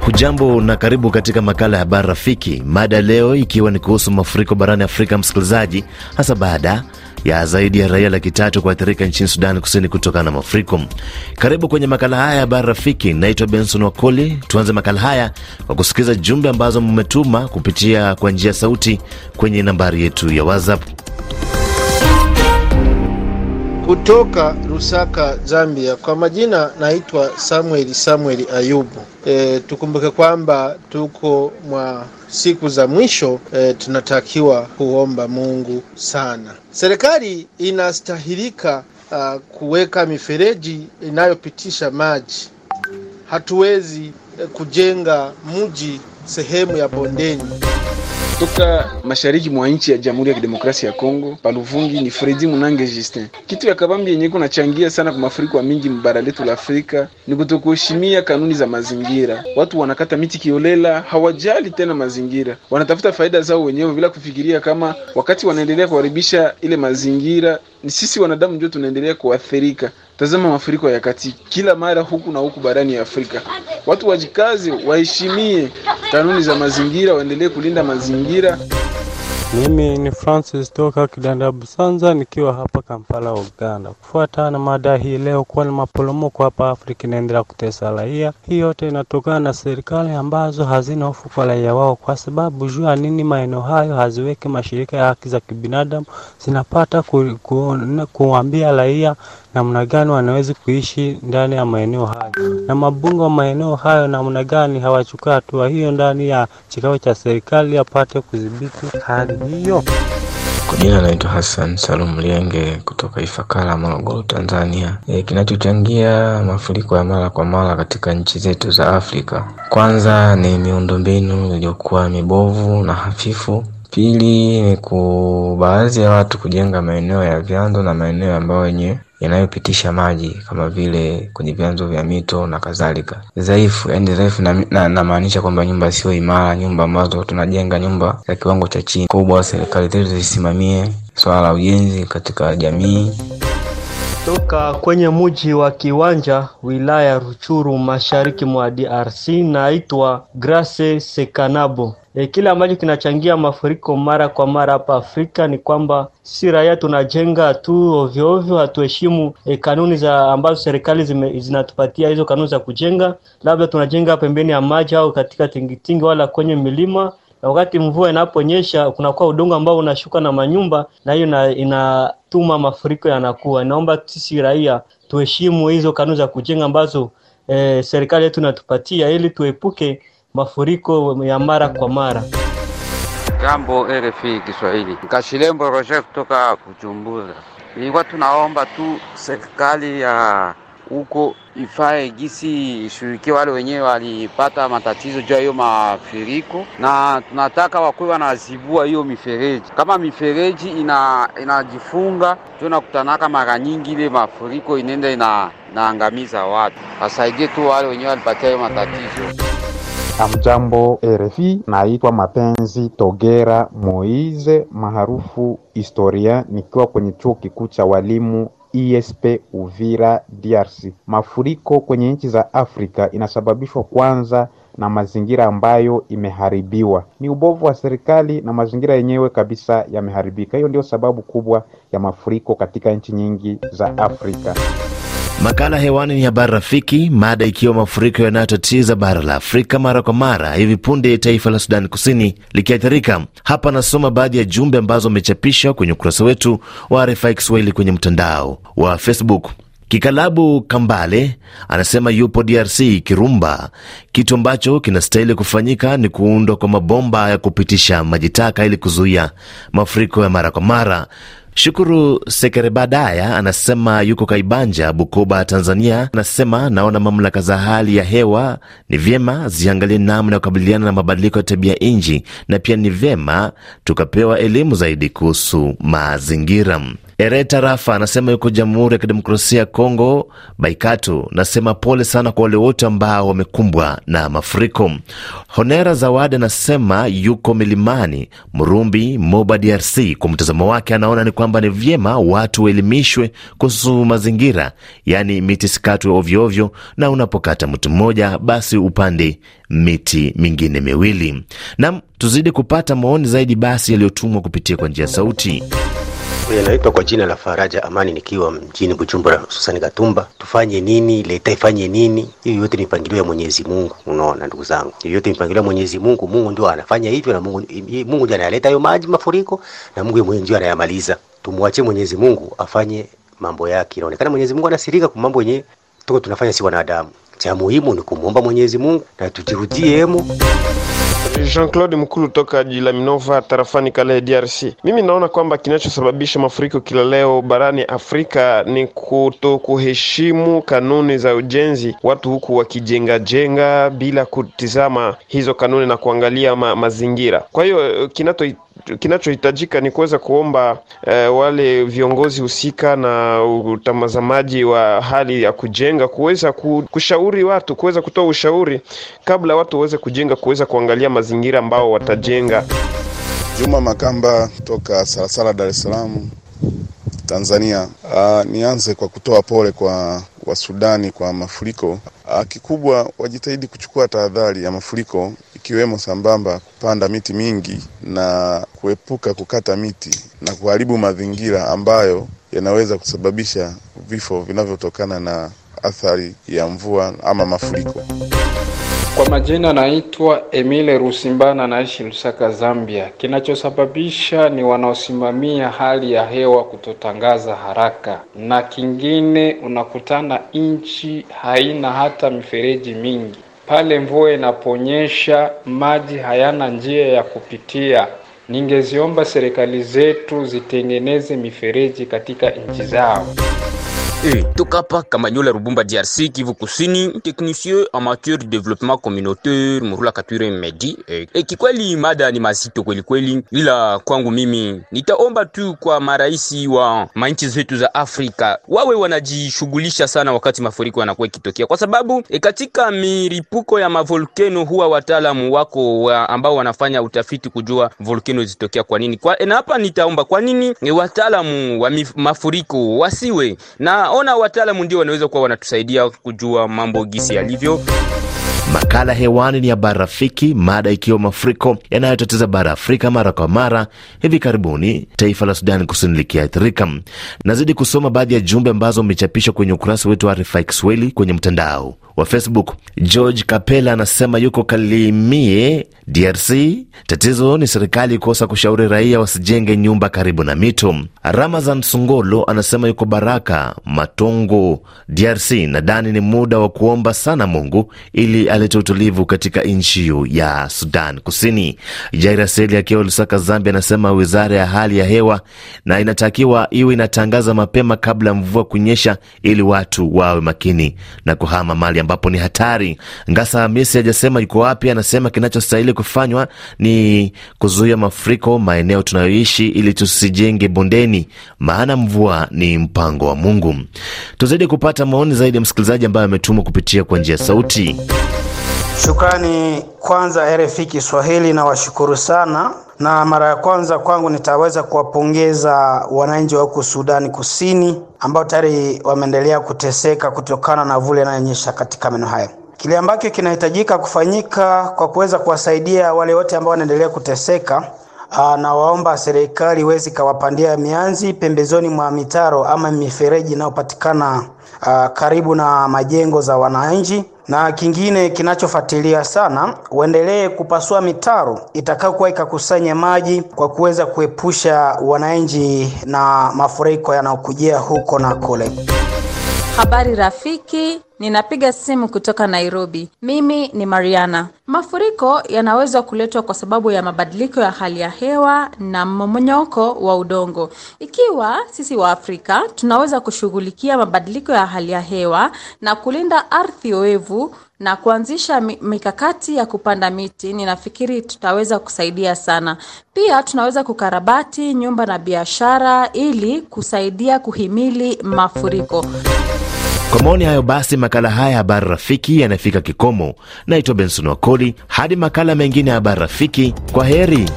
Hujambo na karibu katika makala ya habari rafiki, mada leo ikiwa ni kuhusu mafuriko barani Afrika, msikilizaji, hasa baada ya zaidi ya raia laki tatu kuathirika nchini Sudani Kusini kutokana na mafuriko. Karibu kwenye makala haya ya habari rafiki. Naitwa Benson Wakoli. Tuanze makala haya kwa kusikiliza jumbe ambazo mmetuma kupitia kwa njia sauti kwenye nambari yetu ya WhatsApp kutoka Lusaka, Zambia. Kwa majina naitwa Samuel Samuel Ayubu. E, tukumbuke kwamba tuko mwa siku za mwisho. E, tunatakiwa kuomba Mungu sana. Serikali inastahilika uh, kuweka mifereji inayopitisha maji. Hatuwezi e, kujenga mji sehemu ya bondeni kutoka mashariki mwa nchi ya Jamhuri ya Kidemokrasia ya Kongo, Paluvungi ni Fredi Munange Justin. Kitu ya kabambi yenye kunachangia sana kwa mafuriko mingi mbara letu la Afrika ni kutokuheshimia kanuni za mazingira. Watu wanakata miti kiolela, hawajali tena mazingira, wanatafuta faida zao wenyewe bila kufikiria kama wakati wanaendelea kuharibisha ile mazingira, ni sisi wanadamu ndio tunaendelea kuathirika. Tazama mafuriko ya kati kila mara huku na huku barani ya Afrika. Watu wajikaze, waheshimie kanuni za mazingira, waendelee kulinda mazingira. Mimi ni Francis toka Kidanda Busanza nikiwa hapa Kampala, Uganda. Kufuatana na mada hii leo, kuwa na maporomoko hapa Afrika inaendelea kutesa raia. Hii yote inatokana na serikali ambazo hazina hofu kwa raia wao, kwa sababu jua nini? Maeneo hayo haziweki mashirika ya haki za kibinadamu, zinapata kuambia raia namna gani wanawezi kuishi ndani ya maeneo hayo, na mabunge wa maeneo hayo namna gani hawachukua hatua hiyo ndani ya kikao cha serikali apate kudhibiti hali hiyo. Kwa jina naitwa Hassan Salum Lienge kutoka Ifakara, Morogoro, Tanzania. E, kinachochangia mafuriko ya mara kwa mara katika nchi zetu za Afrika, kwanza ni miundombinu iliyokuwa mibovu na hafifu. Pili ni ku baadhi ya watu kujenga maeneo ya vyanzo na maeneo ambayo yenye yanayopitisha maji kama vile kwenye vyanzo vya mito na kadhalika. Dhaifu, yani dhaifu namaanisha na, na kwamba nyumba sio imara, nyumba ambazo tunajenga nyumba za kiwango cha chini. Kubwa serikali zetu zisimamie swala la ujenzi katika jamii. Toka kwenye muji wa Kiwanja, wilaya Ruchuru, mashariki mwa DRC. Naitwa Grace Sekanabo. E, kile ambacho kinachangia mafuriko mara kwa mara hapa Afrika ni kwamba si raia tunajenga tu ovyo ovyo, hatuheshimu e, kanuni za ambazo serikali zime, zinatupatia hizo kanuni za kujenga, labda tunajenga pembeni ya maji au katika tingitingi wala kwenye milima na wakati mvua inaponyesha kunakuwa udongo ambao unashuka na manyumba, na hiyo inatuma mafuriko yanakuwa. Naomba sisi raia tuheshimu hizo kanuni za kujenga ambazo e, serikali yetu inatupatia ili tuepuke mafuriko ya mara kwa mara. Jambo RFI Kiswahili, Kashilembo Roger kutoka Kuchumbura. Nilikuwa tunaomba tu serikali ya huko ifae gisi ishughulikie wale wenyewe walipata matatizo juu ya hiyo mafuriko, na tunataka wakuwe wanazibua hiyo mifereji. Kama mifereji ina inajifunga, tunakutanaka mara nyingi, ile mafuriko inenda ina, inaangamiza watu. Wasaidie tu wale wenyewe walipatia hiyo matatizo. Amjambo RFI, naitwa Mapenzi Togera Moize maarufu Historia, nikiwa kwenye chuo kikuu cha walimu ISP e Uvira, DRC. Mafuriko kwenye nchi za Afrika inasababishwa kwanza na mazingira ambayo imeharibiwa. Ni ubovu wa serikali na mazingira yenyewe kabisa yameharibika. Hiyo ndio sababu kubwa ya mafuriko katika nchi nyingi za Afrika. Makala hewani ni habari rafiki, mada ikiwa mafuriko yanayotatiza bara la Afrika mara kwa mara, hivi punde taifa la Sudani Kusini likiathirika. Hapa nasoma baadhi ya jumbe ambazo amechapishwa kwenye ukurasa wetu wa RFI Kiswahili kwenye mtandao wa Facebook. Kikalabu Kambale anasema yupo DRC Kirumba. Kitu ambacho kinastahili kufanyika ni kuundwa kwa mabomba ya kupitisha maji taka ili kuzuia mafuriko ya mara kwa mara. Shukuru Sekerebadaya anasema yuko Kaibanja, Bukoba, Tanzania. Anasema naona mamlaka za hali ya hewa ni vyema ziangalie namna ya kukabiliana na mabadiliko ya tabia nchi, na pia ni vyema tukapewa elimu zaidi kuhusu mazingira. Ereta Rafa anasema yuko Jamhuri ya Kidemokrasia ya Kongo. Baikatu nasema pole sana kwa wale wote ambao wamekumbwa na mafuriko. Honera Zawadi anasema yuko milimani Murumbi, Moba, DRC. Kwa mtazamo wake, anaona ni kwamba ni vyema watu waelimishwe kuhusu mazingira, yaani miti sikatwe ovyoovyo, na unapokata mtu mmoja basi upande miti mingine miwili. Nam, tuzidi kupata maoni zaidi basi yaliyotumwa kupitia kwa njia ya sauti. Naitwa kwa jina la Faraja Amani nikiwa mjini Bujumbura, hususani Gatumba. Tufanye nini? Leta ifanye nini? Hiyo yote ni mpangilio ya Mwenyezi Mungu. Unaona ndugu zangu, hiyo yote ni mpangilio ya Mwenyezi Mungu. Mungu ndio anafanya hivyo na Mungu, Mungu ndiye analeta hayo maji mafuriko na Mungu mwenyewe ndiye anayamaliza. Tumwachie Mwenyezi Mungu afanye mambo yake. Inaonekana Mwenyezi Mungu anasirika kwa mambo yenyewe tuko tunafanya si wanadamu. Cha muhimu ni kumwomba Mwenyezi Mungu na tujirudie hemo. Jean-Claude Mkulu toka Jilaminova tarafani Kale DRC. Mimi naona kwamba kinachosababisha mafuriko kila leo barani Afrika ni kuto kuheshimu kanuni za ujenzi, watu huku wakijengajenga bila kutizama hizo kanuni na kuangalia ma mazingira. Kwa hiyo kinato kinachohitajika ni kuweza kuomba eh, wale viongozi husika na utamazamaji wa hali ya kujenga kuweza kushauri watu, kuweza kutoa ushauri kabla watu waweze kujenga, kuweza kuangalia mazingira mazingira ambao watajenga. Juma Makamba toka Sarasara, Dar es Salaam, Tanzania. Aa, ah, nianze kwa kutoa pole kwa Wasudani kwa mafuriko. Aa, ah, kikubwa wajitahidi kuchukua tahadhari ya mafuriko ikiwemo sambamba kupanda miti mingi na kuepuka kukata miti na kuharibu mazingira ambayo yanaweza kusababisha vifo vinavyotokana na athari ya mvua ama mafuriko. Kwa majina naitwa Emile Rusimbana, naishi Lusaka, Zambia. Kinachosababisha ni wanaosimamia hali ya hewa kutotangaza haraka, na kingine unakutana nchi haina hata mifereji mingi. Pale mvua inaponyesha, maji hayana njia ya kupitia. Ningeziomba serikali zetu zitengeneze mifereji katika nchi zao. E toka hapa Kamanyola Rubumba, DRC, Kivu Kusini, matière de développement communautaire Murula Katwire Medi. E, e, kikweli mada ni mazito kweli kweli, ila kwangu mimi nitaomba tu kwa maraisi wa manchi zetu za Afrika wawe wanajishughulisha sana wakati mafuriko yanakuwa ikitokea, kwa sababu e, katika miripuko ya mavolkeno huwa wataalamu wako wa, ambao wanafanya utafiti kujua volkeno zitokea kwa nini kwa, e, na hapa nitaomba kwa nini e, wataalamu wa mafuriko wasiwe na naona wataalamu ndio wanaweza kuwa wanatusaidia kujua mambo gisi yalivyo. Makala hewani ni habari rafiki, mada ikiwa mafuriko yanayotatiza bara Afrika mara kwa mara. Hivi karibuni taifa la Sudani Kusini likiathirika. Nazidi kusoma baadhi ya jumbe ambazo umechapishwa kwenye ukurasa wetu wa RFI Kiswahili kwenye mtandao wa Facebook. George Kapela anasema yuko Kalimie, DRC. Tatizo ni serikali kosa kushauri raia wasijenge nyumba karibu na mito. Ramazan Sungolo anasema yuko Baraka Matongo, DRC. Nadhani ni muda wa kuomba sana Mungu ili alete utulivu katika nchi ya Sudan Kusini. Jaira Seli akiwa Lusaka, Zambia anasema wizara ya hali ya hewa na inatakiwa iwe inatangaza mapema kabla mvua kunyesha, ili watu wawe makini na kuhama mali ambapo ni hatari. Ngasa Messi hajasema yuko wapi, anasema kinachostahili kufanywa ni kuzuia mafuriko maeneo tunayoishi ili tusijenge bondeni, maana mvua ni mpango wa Mungu. Tuzidi kupata maoni zaidi ya msikilizaji ambaye ametumwa kupitia kwa njia sauti. Shukrani kwanza RFI Kiswahili, na washukuru sana, na mara ya kwanza kwangu nitaweza kuwapongeza wananchi wa huku Sudani Kusini ambao tayari wameendelea kuteseka kutokana na vule inayonyesha katika maeneo hayo. Kile ambacho kinahitajika kufanyika kwa kuweza kuwasaidia wale wote ambao wanaendelea kuteseka nawaomba na waomba serikali iweze kawapandia mianzi pembezoni mwa mitaro ama mifereji inayopatikana uh, karibu na majengo za wananchi, na kingine kinachofuatilia sana, uendelee kupasua mitaro itakayokuwa ikakusanya maji kwa kuweza kuepusha wananchi na mafuriko yanayokujia huko na kule. Habari rafiki, ninapiga simu kutoka Nairobi. Mimi ni Mariana. Mafuriko yanaweza kuletwa kwa sababu ya mabadiliko ya hali ya hewa na mmomonyoko wa udongo. Ikiwa sisi wa Afrika tunaweza kushughulikia mabadiliko ya hali ya hewa na kulinda ardhi oevu na kuanzisha mikakati ya kupanda miti, ninafikiri tutaweza kusaidia sana. Pia tunaweza kukarabati nyumba na biashara ili kusaidia kuhimili mafuriko. Kwa maoni hayo basi, makala haya ya Habari Rafiki yanafika kikomo. Naitwa Benson Wakoli, hadi makala mengine ya Habari Rafiki, kwa heri.